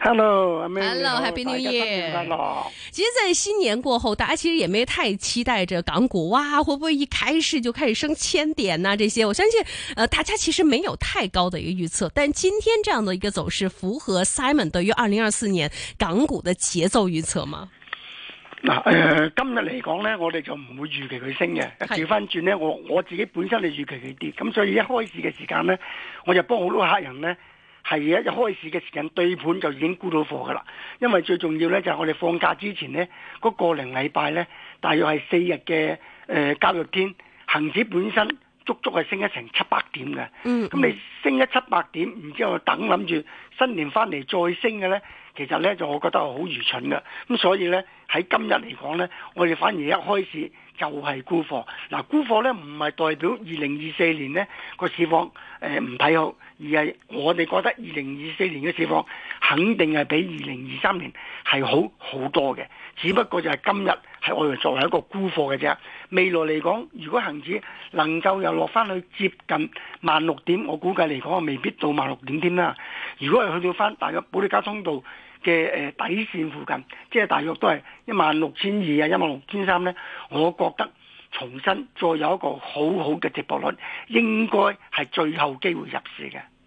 hello，hello，Happy New Year！其實，在新年過後，大家其實也沒太期待着港股、啊，哇，會不會一開始就開始升千點啊這些，我相信，呃，大家其實沒有太高的一個預測。但今天這樣的一個走勢，符合 Simon 對於二零二四年港股的節奏預測嗎？嗱、呃，誒、呃，今日嚟講呢，我哋就唔會預期佢升嘅，調翻轉呢，的我我自己本身係預期佢跌，咁所以一開始嘅時間呢，我就幫好多客人呢。係、啊、一開始嘅時間對盤就已經沽到貨㗎喇，因為最重要呢，就係、是、我哋放假之前呢嗰、那個零禮拜呢，大約係四日嘅誒交易天，恆指本身足足係升一成七八點嘅。嗯，嗯。咁你升一七八點，然之後等諗住新年翻嚟再升嘅呢，其實呢就我覺得好愚蠢嘅。咁所以呢，喺今日嚟講呢，我哋反而一開始就係沽貨。嗱、啊、沽貨呢唔係代表二零二四年呢個市況誒唔睇好。而係我哋覺得二零二四年嘅市況肯定係比二零二三年係好好多嘅，只不過就係今日係我哋作為一個沽貨嘅啫。未來嚟講，如果恒指能夠又落翻去接近萬六點，我估計嚟講我未必到萬六點添啦。如果係去到翻大約保利加通道嘅誒底線附近，即係大約都係一萬六千二啊，一萬六千三呢，我覺得。重新再有一個好好嘅直播率，應該係最後機會入市嘅。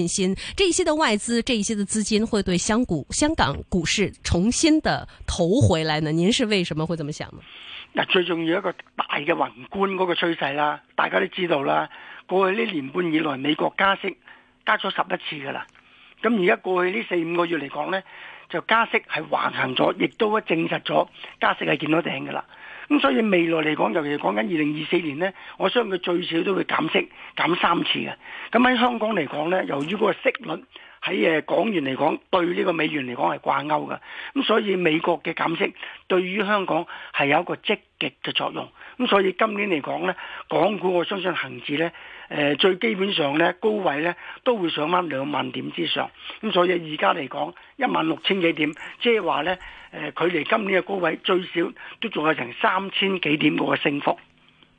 信心，這一些的外資，這一些的資金會對香股、香港股市重新的投回來呢？您是為什麼會這麼想呢？最重要一個大嘅宏觀嗰個趨勢啦，大家都知道啦，過去呢年半以來，美國加息加咗十一次噶啦，咁而家過去呢四五個月嚟講呢就加息係橫行咗，亦都證實咗加息係見到頂噶啦。咁所以未來嚟講，尤其講緊二零二四年呢，我相信佢最少都會減息減三次嘅。咁喺香港嚟講呢，由於嗰個息率，喺誒港元嚟講，對呢個美元嚟講係掛鈎嘅，咁所以美國嘅減息對於香港係有一個積極嘅作用，咁所以今年嚟講呢，港股我相信恆指呢誒，最基本上呢高位呢都會上返兩萬點之上，咁所以而家嚟講一萬六千幾點，即係話呢誒，距離今年嘅高位最少都仲有成三千幾點嗰個升幅。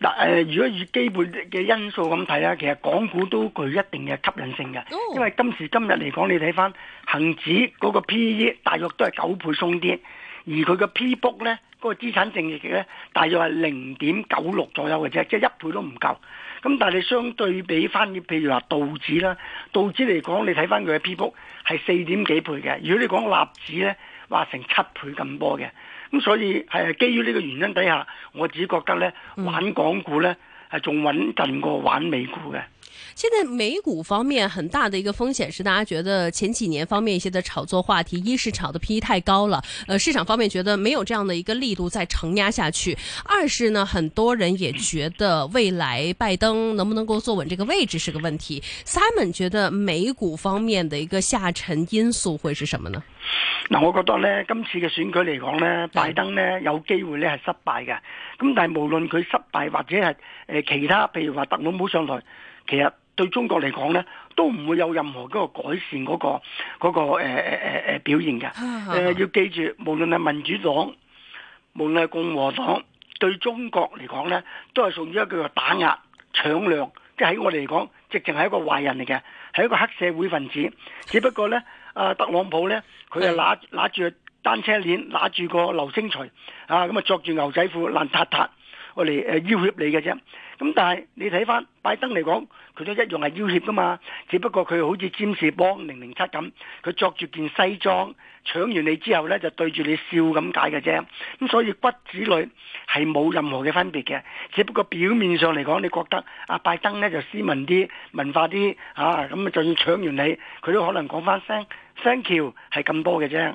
嗱誒，如果以基本嘅因素咁睇咧，其實港股都具一定嘅吸引性嘅，因為今時今日嚟講，你睇翻恒指嗰個 P/E 大約都係九倍鬆啲，而佢嘅 P book 咧，嗰、嗰個資產淨值呢，大約係零點九六左右嘅啫，即係一倍都唔夠。咁但係你相對比翻，譬如話道指啦，道指嚟講，你睇翻佢嘅 P book 係四點幾倍嘅。如果你講納指呢。話成七倍咁多嘅，咁所以係基於呢個原因底下，我自己覺得咧、嗯、玩港股咧係仲穩陣過玩美股嘅。現在美股方面很大的一個風險是，大家覺得前幾年方面一些的炒作話題，一是炒的 PE 太高了，呃，市場方面覺得沒有這樣的一個力度再承壓下去；二是呢，很多人也覺得未來拜登能不能夠坐穩這個位置是個問題。Simon 覺得美股方面的一個下沉因素會是什麼呢？嗱我、嗯嗯、覺得呢，今次嘅選舉嚟講呢，拜登呢有機會呢係失敗嘅。咁但係無論佢失敗或者係誒其他，譬如話特朗普上台，其實對中國嚟講呢，都唔會有任何個改善嗰、個嗰、個、呃呃、表現㗎、呃。要記住，無論係民主黨，無論係共和黨，對中國嚟講呢，都係屬於一個打壓、搶掠，即係喺我哋嚟講，直情係一個壞人嚟嘅，係一個黑社會分子。只不過呢，啊特朗普呢，佢係揦住單車鏈，揦住個流星錘，啊咁啊著住牛仔褲，爛塌塌。我嚟要挾你嘅啫，咁但係你睇翻拜登嚟講，佢都一樣係要挾噶嘛，只不過佢好似佔士邦零零七咁，佢著住件西裝搶完你之後呢，就對住你笑咁解嘅啫，咁所以骨子裏係冇任何嘅分別嘅，只不過表面上嚟講，你覺得拜登呢，就斯文啲、文化啲咁啊就算搶完你，佢都可能講翻聲 thank you 係咁多嘅啫。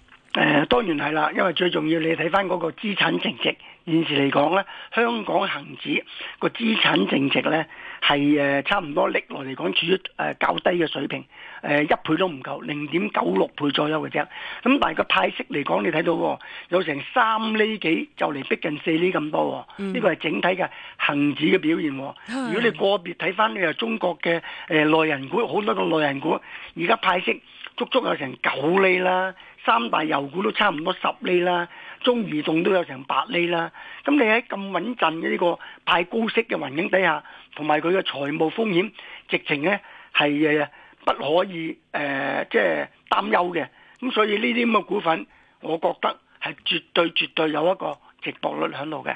誒、呃，當然係啦，因為最重要你睇翻嗰個資產淨值，現時嚟講咧，香港恒指個資產淨值咧係誒差唔多歷來嚟講處於誒較低嘅水平，誒、呃、一倍都唔夠，零點九六倍左右嘅啫。咁但係個派息嚟講，你睇到、哦、有成三厘幾，就嚟逼近四厘咁多、哦，呢個係整體嘅恒指嘅表現、哦。嗯、如果你個別睇翻，你又中國嘅誒內人股，好多個內人股而家派息足足有成九厘啦。三大油股都差唔多十厘啦，中移動都有成八厘啦。咁你喺咁穩陣嘅呢個派高息嘅環境底下，同埋佢嘅財務風險，直情呢係不可以即係、呃就是、擔憂嘅。咁所以呢啲咁嘅股份，我覺得係絕對絕對有一個值博率喺度嘅。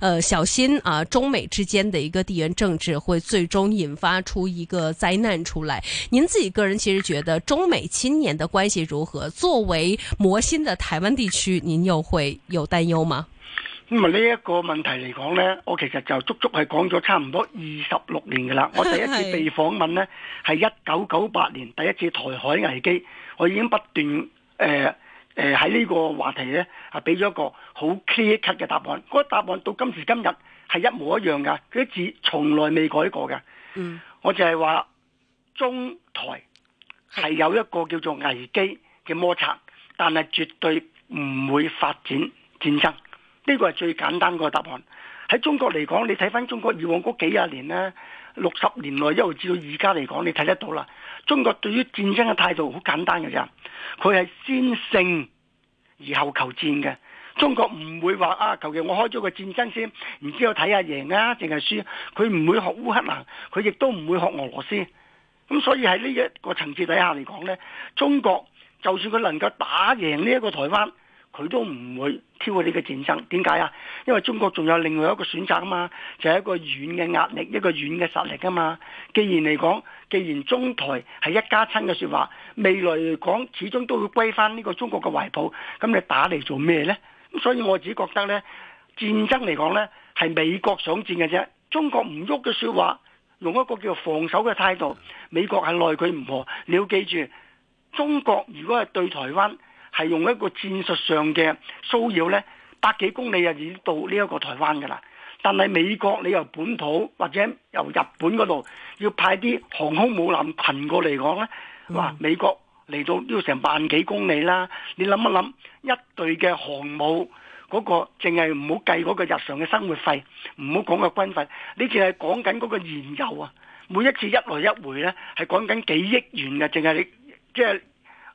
呃，小心啊！中美之間的一個地緣政治會最終引發出一個災難出來。您自己個人其實覺得中美今年的關係如何？作為磨心的台灣地區，您又會有擔憂嗎？咁啊，呢一個問題嚟講呢，我其實就足足係講咗差唔多二十六年噶啦。我第一次被訪問呢，係一九九八年第一次台海危機，我已經不斷誒。呃誒喺呢個話題呢，俾咗一個好 clear cut 嘅答案。嗰、那個答案到今時今日係一模一樣㗎，佢啲字從來未改過嘅。嗯，我就係話中台係有一個叫做危機嘅摩擦，但係絕對唔會發展戰爭。呢、這個係最簡單個答案。喺中國嚟講，你睇返中國以往嗰幾廿年呢。六十年內一直來一路至到而家嚟講，你睇得到啦。中國對於戰爭嘅態度好簡單嘅咋，佢係先勝而後求戰嘅。中國唔會話啊，求其我開咗個戰爭先，然之後睇下贏啊定係輸。佢唔會學烏克蘭，佢亦都唔會學俄羅斯。咁所以喺呢一個層次底下嚟講呢，中國就算佢能夠打贏呢一個台灣。佢都唔會挑起呢個戰爭，點解啊？因為中國仲有另外一個選擇啊嘛，就係一個軟嘅壓力，一個軟嘅實力啊嘛。既然嚟講，既然中台係一家親嘅說話，未來嚟講始終都會歸翻呢個中國嘅懷抱。咁你打嚟做咩呢？咁所以我只覺得呢，戰爭嚟講呢，係美國想戰嘅啫，中國唔喐嘅說話，用一個叫做防守嘅態度，美國係耐佢唔何，你要記住，中國如果係對台灣。係用一個戰術上嘅騷擾呢百幾公里啊已經到呢一個台灣噶啦。但係美國你由本土或者由日本嗰度要派啲航空母艦群過嚟講呢哇！嗯、美國嚟到都要成萬幾公里啦。你諗一諗，一隊嘅航母嗰、嗰個淨係唔好計嗰個日常嘅生活費，唔好講個軍費，你淨係講緊個燃油啊！每一次一來一回呢係講緊幾億元嘅，淨係你即係。就是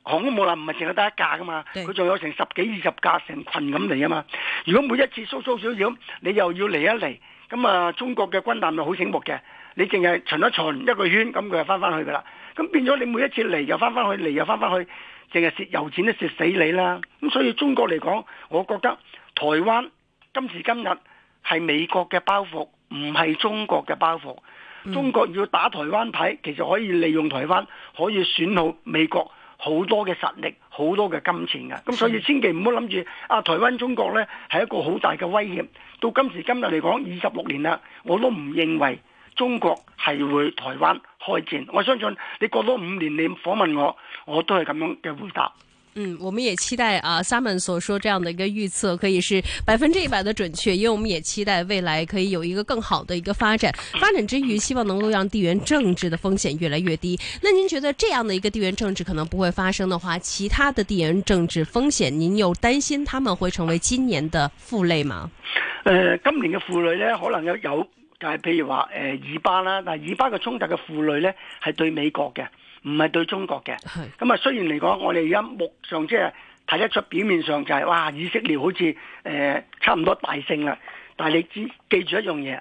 航空母艦唔係淨係得一架噶嘛，佢仲有成十幾二十架成羣咁嚟啊嘛！如果每一次騷騷少少，你又要嚟一嚟，咁啊中國嘅軍艦咪好醒目嘅，你淨係巡一巡一個圈，咁佢就翻翻去噶啦。咁變咗你每一次嚟又翻翻去，嚟又翻翻去，淨係蝕油錢都蝕死你啦！咁所以中國嚟講，我覺得台灣今時今日係美國嘅包袱，唔係中國嘅包袱。中國要打台灣牌，其實可以利用台灣，可以損耗美國。好多嘅實力，好多嘅金錢㗎，咁所以千祈唔好諗住啊！台灣中國呢係一個好大嘅威脅。到今時今日嚟講，二十六年啦，我都唔認為中國係會台灣開戰。我相信你過多五年，你訪問我，我都係咁樣嘅回答。嗯，我們也期待啊，Samson 所說這樣的一個預測可以是百分之一百的準確，因為我們也期待未來可以有一個更好的一個發展。發展之餘，希望能夠讓地緣政治的風險越來越低。那您覺得這樣的一個地緣政治可能不會發生的話，其他的地緣政治風險，您又擔心他們會成為今年的負累嗎？呃，今年嘅負累呢，可能有有，就係譬如話，呃以巴啦，但、呃、以巴嘅衝突嘅負累呢，是對美國嘅。唔係對中國嘅，咁啊雖然嚟講，我哋而家目上即係睇得出表面上就係、是、哇，以色列好似、呃、差唔多大勝啦。但係你只記住一樣嘢，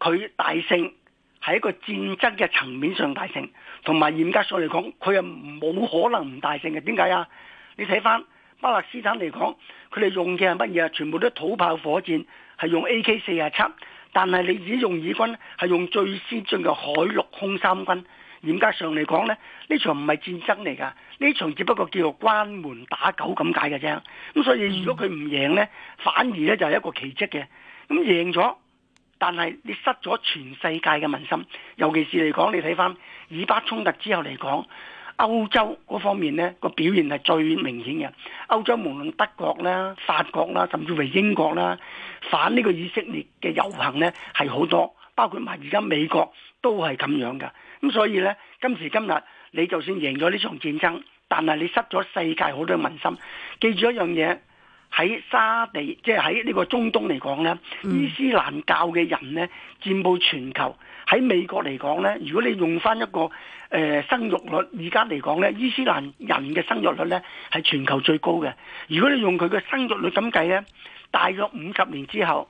佢大勝係一個戰爭嘅層面上大勝，同埋嚴格上嚟講，佢又冇可能唔大勝嘅。點解啊？你睇翻巴勒斯坦嚟講，佢哋用嘅係乜嘢啊？全部都係土炮火箭，係用 AK 四啊七，47，但係你只用以軍係用最先進嘅海陸空三軍。嚴格上嚟講呢呢場唔係戰爭嚟噶，呢場只不過叫做關門打狗咁解嘅啫。咁所以如果佢唔贏呢，反而呢就係一個奇蹟嘅。咁贏咗，但係你失咗全世界嘅民心，尤其是嚟講，你睇翻以巴衝突之後嚟講，歐洲嗰方面呢個表現係最明顯嘅。歐洲無論德國啦、法國啦，甚至乎英國啦，反呢個以色列嘅遊行呢係好多，包括埋而家美國都係咁樣㗎。咁所以呢，今時今日你就算贏咗呢場戰爭，但係你失咗世界好多民心。記住一樣嘢，喺沙地，即係喺呢個中東嚟講呢，伊斯蘭教嘅人呢佔布全球。喺美國嚟講呢，如果你用返一個、呃、生育率，而家嚟講呢，伊斯蘭人嘅生育率呢係全球最高嘅。如果你用佢嘅生育率咁計呢，大約五十年之後，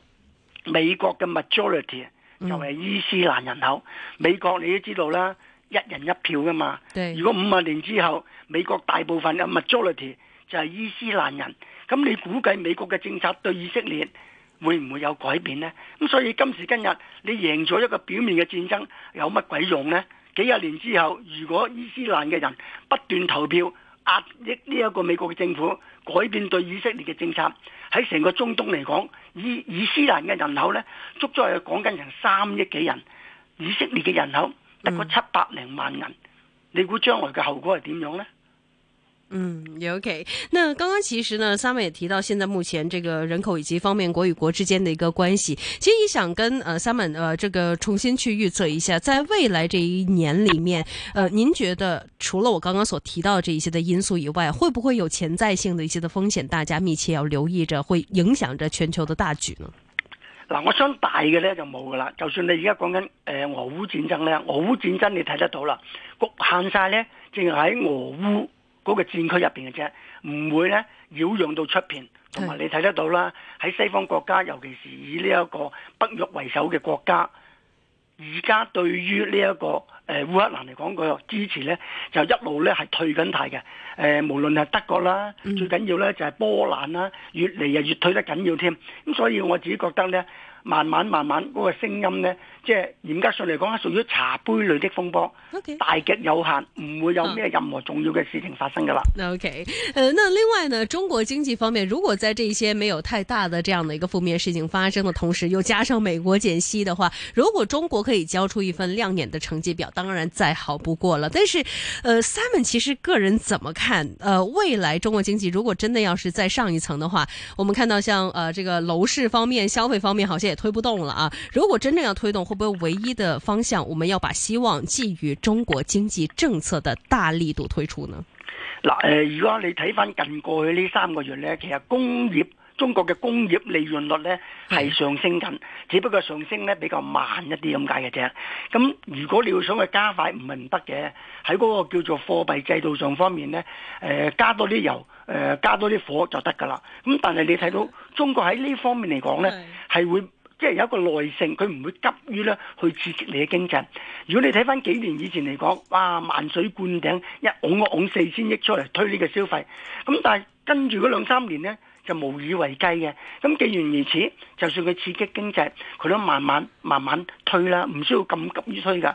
美國嘅 majority。就係伊斯蘭人口。美國你都知道啦，一人一票噶嘛。對如果五十年之後美國大部分嘅 majority 就係伊斯蘭人，咁你估計美國嘅政策對以色列會唔會有改變呢？咁所以今時今日你贏咗一個表面嘅戰爭，有乜鬼用呢？幾十年之後，如果伊斯蘭嘅人不斷投票壓抑呢一個美國嘅政府。改變對以色列嘅政策。喺成個中東嚟講，以伊斯蘭嘅人口呢，足足係講緊成三億幾人，以色列嘅人口得個七百零萬人，你估將來嘅後果係點樣呢？嗯，OK。那剛剛其實呢，Sammy 也提到，現在目前這個人口以及方面，國與國之間的一個關係。其實想跟，呃，Sammy，呃，這個重新去預測一下，在未來這一年裏面，呃，您覺得除了我剛剛所提到這一些的因素以外，會不會有潛在性的一些的風險，大家密切要留意着，會影響着全球的大局呢？嗱，我想大嘅咧就冇噶啦，就算你而家講緊，誒、呃，俄烏戰爭咧，俄烏戰爭你睇得到啦，局限晒咧，淨係喺俄烏。嗰個戰區入邊嘅啫，唔會咧擾攘到出邊，同埋你睇得到啦。喺西方國家，尤其是以呢一個北約為首嘅國家，而家對於呢、這、一個誒烏、呃、克蘭嚟講個支持咧，就一路咧係退緊態嘅。誒、呃，無論係德國啦，嗯、最緊要咧就係、是、波蘭啦，越嚟又越退得緊要添。咁所以我自己覺得咧，慢慢慢慢嗰個聲音咧。即係嚴格上嚟講係屬於茶杯類的風波，Okay. 大極有限，唔會有咩任何重要嘅事情發生㗎啦。OK，誒、uh,，那另外呢，中國經濟方面，如果在這些沒有太大的這樣的一個負面事情發生嘅同時，又加上美國減息的話，如果中國可以交出一份亮眼的成績表，當然再好不過了。但是，誒、呃、，Simon 其實個人怎麼看，誒、呃，未來中國經濟如果真的要是在上一層的話，我們看到像誒、呃，這個樓市方面、消費方面，好像也推不動了啊。如果真正要推動，會唔會唯一的方向？我們要把希望寄予中國經濟政策的大力度推出呢？嗱，誒，如果你睇翻近過去呢三個月咧，其實工業中國嘅工業利潤率咧係上升緊，是只不過上升咧比較慢一啲咁解嘅啫。咁如果你要想去加快，唔係唔得嘅。喺嗰個叫做貨幣制度上方面咧，誒、呃，加多啲油，誒、呃，加多啲火就得噶啦。咁但係你睇到是中國喺呢方面嚟講咧，係是會。即係有一個耐性，佢唔會急於咧去刺激你嘅經濟。如果你睇翻幾年以前嚟講，哇，萬水灌頂，一拱一拱四千億出嚟推呢個消費。咁但係跟住嗰兩三年呢，就無以為繼嘅。咁既然如此，就算佢刺激經濟，佢都慢慢慢慢推啦，唔需要咁急於推㗎。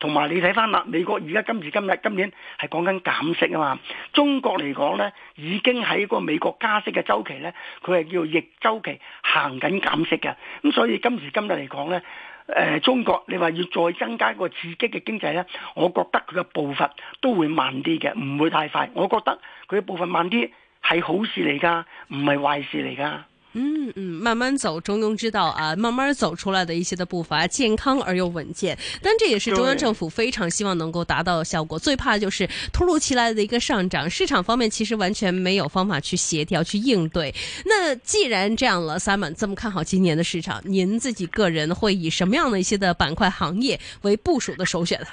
同埋你睇翻啦，美國而家今時今日今年係講緊減息啊嘛，中國嚟講呢，已經喺個美國加息嘅週期呢，佢係叫做逆週期行緊減息嘅，咁所以今時今日嚟講呢，呃，中國你話要再增加一個刺激嘅經濟呢，我覺得佢嘅步伐都會慢啲嘅，唔會太快。我覺得佢嘅步伐慢啲係好事嚟噶，唔係壞事嚟噶。嗯嗯，慢慢走中庸之道啊，慢慢走出來的一些的步伐，健康而又穩健。但這也是中央政府非常希望能夠達到的效果。對最怕就是突如其來的一個上漲，市場方面其實完全沒有方法去協調去應對。那既然這樣了，Simon 這麼看好今年的市場，您自己個人會以什麼樣的一些的板塊行業為部署的首選呢？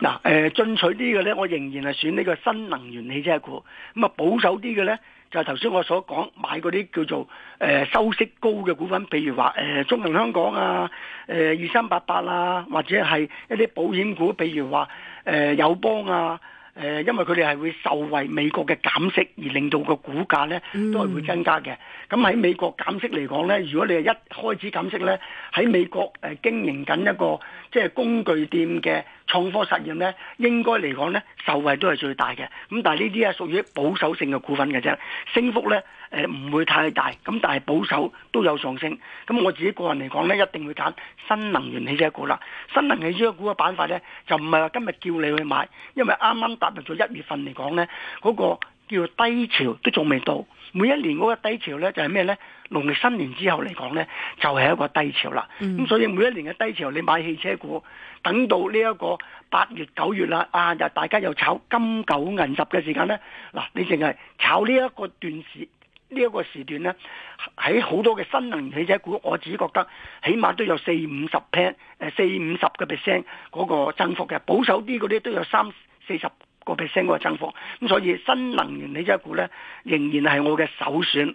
嗱，誒，進取啲嘅呢，我仍然係選呢個新能源汽車股。咁啊，保守啲嘅呢。就頭先我所講，買嗰啲叫做誒、呃、收息高嘅股份，譬如話誒、呃、中銀香港啊、誒二三八八啊，或者係一啲保險股，譬如話誒友邦啊。因為佢哋係會受惠美國嘅減息，而令到個股價呢都係會增加嘅。咁喺美國減息嚟講呢，如果你係一開始減息呢，喺美國誒經營緊一個即係工具店嘅創科實驗呢，應該嚟講呢，受惠都係最大嘅。咁但係呢啲係屬於保守性嘅股份嘅啫，升幅呢。誒唔會太大咁，但係保守都有上升。咁我自己個人嚟講呢，一定會揀新能源汽車股啦。新能源汽車股嘅板塊呢，就唔係話今日叫你去買，因為啱啱踏入咗一月份嚟講呢，嗰個叫低潮都仲未到。每一年嗰個低潮呢，就係咩呢？農曆新年之後嚟講呢，就係一個低潮啦。咁、嗯、所以每一年嘅低潮，你買汽車股，等到呢一個八月九月啦，啊大家又炒金九銀十嘅時間呢，嗱，你淨係炒呢一個段時。呢一個時段呢，喺好多嘅新能源汽車股，我自己覺得起碼都有四五十 percent，誒四五十個 percent 嗰個增幅，嘅保守啲嗰啲都有三四十個 percent 嗰個增幅，咁所以新能源汽車股呢，仍然係我嘅首選。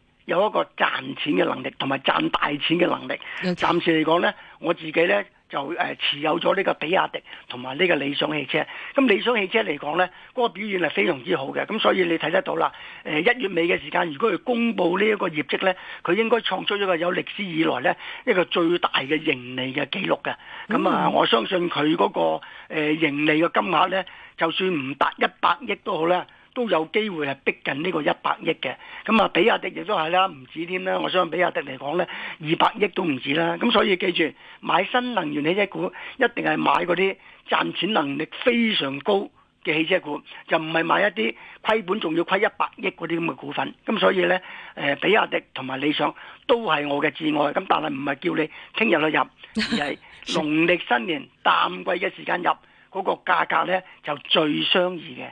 有一個賺錢嘅能力，同埋賺大錢嘅能力。暫時嚟講呢，我自己呢就誒持有咗呢個比亞迪同埋呢個理想汽車。咁理想汽車嚟講呢，嗰個表現係非常之好嘅。咁所以你睇得到啦。誒一月尾嘅時間，如果佢公布呢一個業績呢，佢應該創出一個有歷史以來呢一個最大嘅盈利嘅記錄嘅。咁啊，我相信佢嗰個誒盈利嘅金額呢，就算唔達一百億都好啦。都有機會係逼近呢個一百億嘅，咁啊，比亞迪亦都係啦，唔止添啦。我相信比亞迪嚟講呢，二百億都唔止啦。咁所以記住，買新能源汽車股一定係買嗰啲賺錢能力非常高嘅汽車股，就唔係買一啲虧本仲要虧一百億嗰啲咁嘅股份。咁所以呢，比亞迪同埋理想都係我嘅摯愛。咁但係唔係叫你聽日去入，而係農曆新年淡季嘅時間入，嗰個價格呢就最相宜嘅。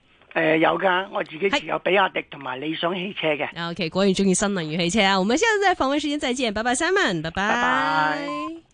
誒、呃，有㗎，我自己持有比亞迪同埋理想汽車嘅。OK 果然中意新能源汽車啊！我們現在在訪問時間再見，拜拜，Simon，拜拜。Bye bye